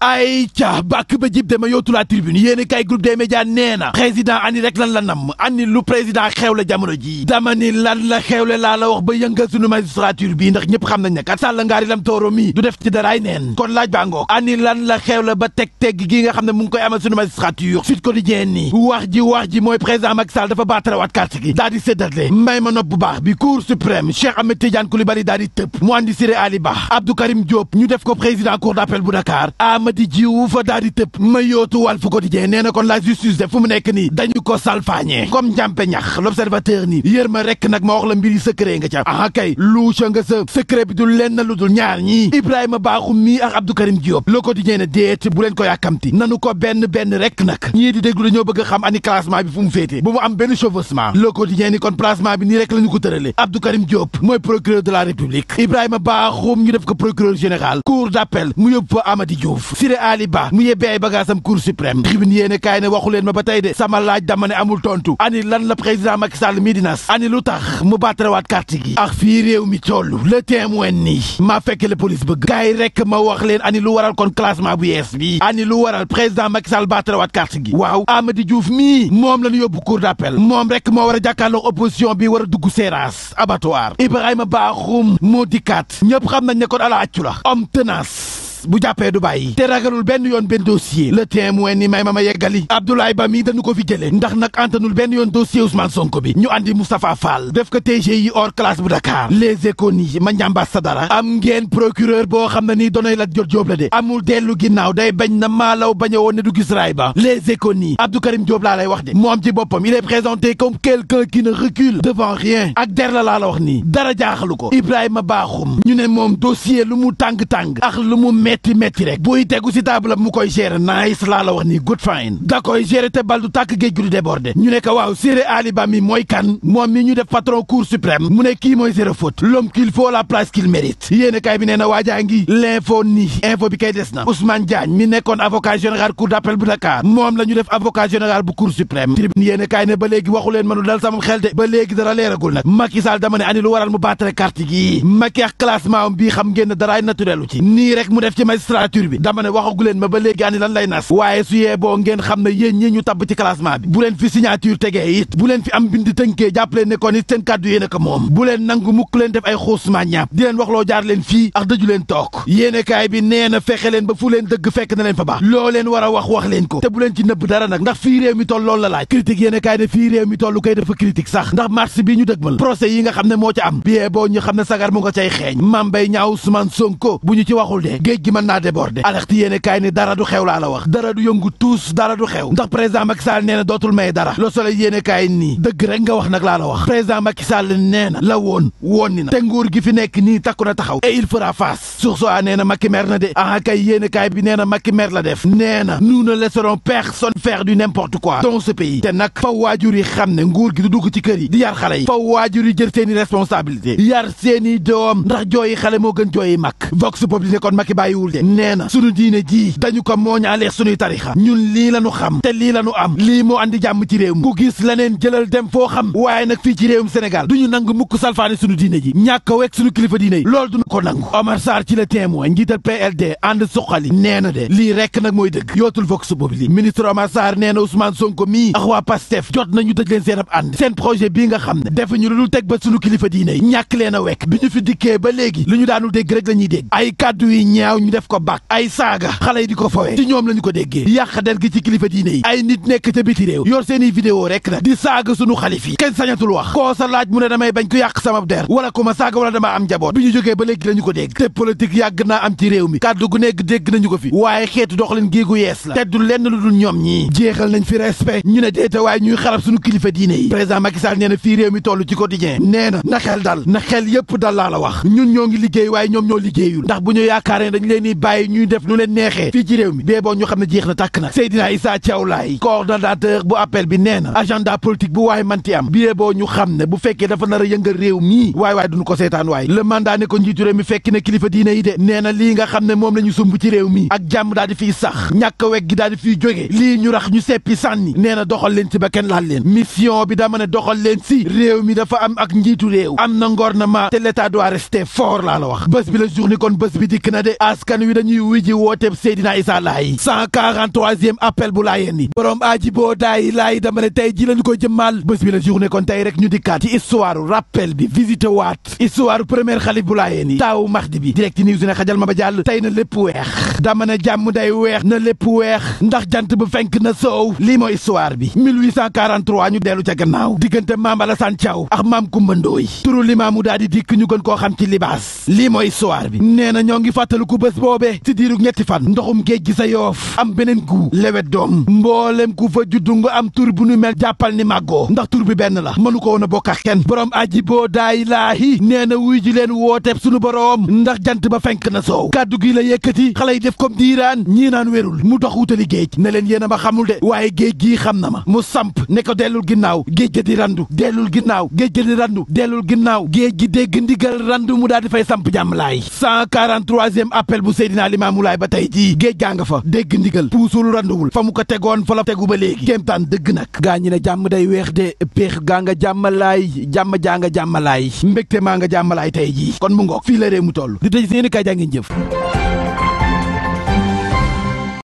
ay ca bàkk ba jib dema yootu la tribune yéen i kay groupe des médias nee président ani rek lan la nam ani lu président xew la jamono ji dama ni lan la xewle laa la wax ba yëngal sunu magistrature bi ndax ñëpp xam nañ ne kat sàll ngaari lam tooro mi du def ci daraay neen kon laaj baa ngoog ani lan la xew la ba teg tegg gi nga xam ne mu ngi koy amal sunu magistrature Sud Quotidien ni wax ji wax ji mooy président Macky Sall dafa baatarawaat carte gi daal di baax bi cour suprême Cheikh Ahmed Tidiane Coulibaly daal di tëpp mu andi ñu def ko président cour d'appel bu Dakar Amady Diouf daal di tëb ma yootu Walf Quotidien nee na kon la justice de fu mu nekk nii dañu ko salfaañe comme njàmpe ñax l'observateur ni yër ma rek nag ma wax la mbiri secret nga ca ah kay lu ca nga sa secret bi du lenn lu dul ñaar ñii Ibrahima Bakhoum mi ak Abdou Karim Diop le Quotidien ne déet bu leen ko yàkkamti nanu ko benn benn rek nag ñii di déglu dañoo bëgg xam ani classement bi fu mu féete bu mu am benn chevauchement le Quotidien ni kon cour d'appel mu yóbbu fa Amady Diouf Siré Ali Ba mu yóbbee ay bagaasam cour suprême tribune yéene kaay ne waxu ma ba tey de sama laaj dama ne amul tontu ani lan la président Macky Sall mii di ani lu tax mu baatarawaat carte gi ak fii réew mi toll le témoin nii maa fekk la police bëgg kaay rek ma wax leen ani lu waral kon classement bu yees bi ani lu waral président Macky Sall baatarawaat carte gi waaw Amady Diouf mii moom la ñu yóbbu cour d'appel moom rek moo war a jàkkaarloo opposition bi a dugg séeraas abattoir Ibrahima Bakhoum moo dikkaat ñëpp xam nañ ne kon ala accu Abraço! bu jappé du bàyyi te ragalul dossier le témoin ni may mama ma Abdoulaye bami mi dañu ko fi jële ndax nak antanul benn dossier Ousmane Sonko bi ñu andi Moustapha Fall def ko TGI hors classe bu Dakar les économies ni ma am ngeen procureur bo xam ni donay la jot la de amul dellu ginnaw day bañ na malaw bañé du gis les économies Abdoukarim Abdou Karim Diop lay wax ci bopam il est présenté comme quelqu'un qui ne recule devant rien ak der la la wax ni dara jaaxalu ko Ibrahima baxum ñu né mom dossier lu mu tang tang ak lu mu metti metti rek buy tegu si table mu koy gérer nice laa la wax ni good fine da koy gérer te bal du tàkk géej gi du ñu ne waaw Siré Ali mi mooy kan moom mi ñu def patron cour suprême mu ne kii mooy zéro faute la place qu'il mérite yéen bi nee na waajaa ngi l'info nii info bi kay des na Ousmane Diagne mi nekkoon avocat général cour d'appel bu Dakar moom la def avocat général bu cour suprême tribune yéen ne ba léegi waxu ci magistrature bi dama ne waxagu leen ma ba léegi ani lan lay nas waaye su yee boo ngeen xam ne yéen ñu tab ci classement bi bu leen fi signature tegee it bu leen fi am bind tënkee jàpp leen ne kon it seen kàddu yéen a ko moom bu leen nangu mukk leen def ay xuusuma ñàpp di leen wax loo jaar leen fii ak dëju leen toog yéenekaay bi nee na fexe leen ba fu leen dëgg fekk na leen fa baax loo leen war a wax wax leen ko te bu leen ci nëbb dara nag ndax fii réew mi toll loolu la laaj critique yéenekaay ne fii réew mi toll koy dafa critique sax ndax mars bi ñu xam ne moo ci am biyee boo ñu xam ne sagar mu nga cay xeeñ mambay ñaaw Ousmane Sonko bu ñu ci waxul de gi mën naa déborder alerte yéene kaay ni dara du xew laa la wax dara du yëngu tuus dara du xew ndax président Macky Sall nee na dootul may dara Le Soleil yéene kaay nii dëgg rek nga wax nag laa la wax président Macky Sall nee na la woon woon na te nguur gi fi nekk nii takku na taxaw et il fera face sur soi ah, nee na Macky mer na de ah kay yéene kaay bi nee na Macky mer la def nee na nous ne laisserons personne faire du n'importe quoi dans ce pays te nag faw waajur yi xam ne nguur gi du dugg ci kër yi di yar xale yi faw waajur yi jël seeni responsabilité yar seeni doom ndax jooyi xale moo gën jooyi mag vox bàyyiwul de nee na sunu diine jii dañu ko mooñaale sunuy tarixa ñun lii lañu xam te lii lañu am lii moo andi jàmm ci réew mi ku gis leneen jëlal dem foo xam waaye nag fii ci réewum Sénégal duñu nangu mukk salfaane sunu diine ji ñàkk wekk sunu kilifa diine yi loolu duñu ko nangu Omar ci la témoin njiital PLD ànd suqali nee na de lii rekk nag mooy dëgg yootul vox populi ministre Omar nee na Ousmane Sonko mii ak waa Pastef jot nañu tëj leen seen ab ànd seen projet bii nga xam ne defuñu lu dul teg ba a bi ñu fi dikkee ba léegi lu ñu daanul dégg rek ñu def ko bac ay saaga xale yi di ko fowe ci ñoom lañu ko déggee yàq der gi ci kilifa diine yi ay nit nekk ca biti réew yor seeni vidéo rek nag di saaga sunu xalif yi kenn sañatul wax koo sa laaj mu ne damay bañ ko yàq sama der wala ku ma saaga wala dama am njaboot bi ñu jógee ba léegi lañu ko dégg te politique yàgg naa am ci réew mi kàddu gu nekk dégg nañu ko fi waaye xeetu doxalin géegu yees la te du lenn lu dul ñoom ñii jeexal nañ fi respect ñu ne la wax ñun leen di bàyyi ñuy def nu leen neexee fii ci réew mi bee boo ñu xam ne jeex na tàkk nag Seydina Issa Thiaw Laye coordonnateur bu appel bi nee na agenda politique bu waaye manti am bie boo ñu xam ne bu fekkee dafa nar a yëngal réew mii waay waay duñu ko seetaan waay le mandat ne ko njiitu réew mi fekk na kilifa diine yi de nee na lii nga xam ne moom la ñu sumb ci réew mi ak jàmm daal di fiy sax ñàkk a gi daal di fiy jógee lii ñu rax ñu seppi sànni nee na doxal leen si ba kenn laal leen mission bi dama ne doxal leen si réew mi dafa am ak njiitu réew am na ngornement te l'état doit rester fort wax bés bi la journée kon bés bi dikk askan wi dañuy wuy ji wooteeb Seydina Issa Laye 143e appel bu laayeen yi boroom aaji laay dama ne tey ji lañu ko jëmmaal bés bi la journée kon tey rek ñu dikkaat ci histoire rappel bi visite waat histoire première xalif bu laayeen yi taawu maxdi bi direct news ne xajal ma ba jàll tey na lépp weex dama ne jàmm day weex na lépp weex ndax jant bu fenk na soow lii mooy histoire bi 1843 ñu dellu ca gannaaw diggante maam Alassane Thiaw ak maam Kumba Ndooy turu limaamu daal di bés boobee ci diirug ñetti fan ndoxum géej gi sa yoof am beneen gu lewet doom mboolem ku fa juddu nga am tur bu ñu mel jàppal ni màggoo ndax tur bi benn la mënu ko woon a bokk ak kenn borom aji boo daay laahi nee na wuy ji leen wooteeb sunu borom ndax jant ba fenk na soow kàddu gi la yëkkati xale yi def ko diiraan ñii naan wérul mu dox wutali géej ne leen yéen a ma xamul de waaye géej gii xam na ma mu samp ne ko dellul ginnaaw géej ga di randu dellul ginnaaw géej ga di randu ginnaaw géej gi dégg ndigal randu mu daal di fay samp jàmm laay hôtel bu Seydina Limaamu Laay ba tey jii géej gaa nga fa dégg ndigal puusul randuwul fa mu ko tegoon fa la tegu ba léegi kéemtaan dëgg nag gaa ñi ne jàmm day weex de péex gaa nga jàmmalaay jàmm jaa nga jàmmalaay mbégte maa nga jàmmalaay tey jii kon mu ngoog fii la réew mu toll di tëj seeni kay jaa ngeen jëf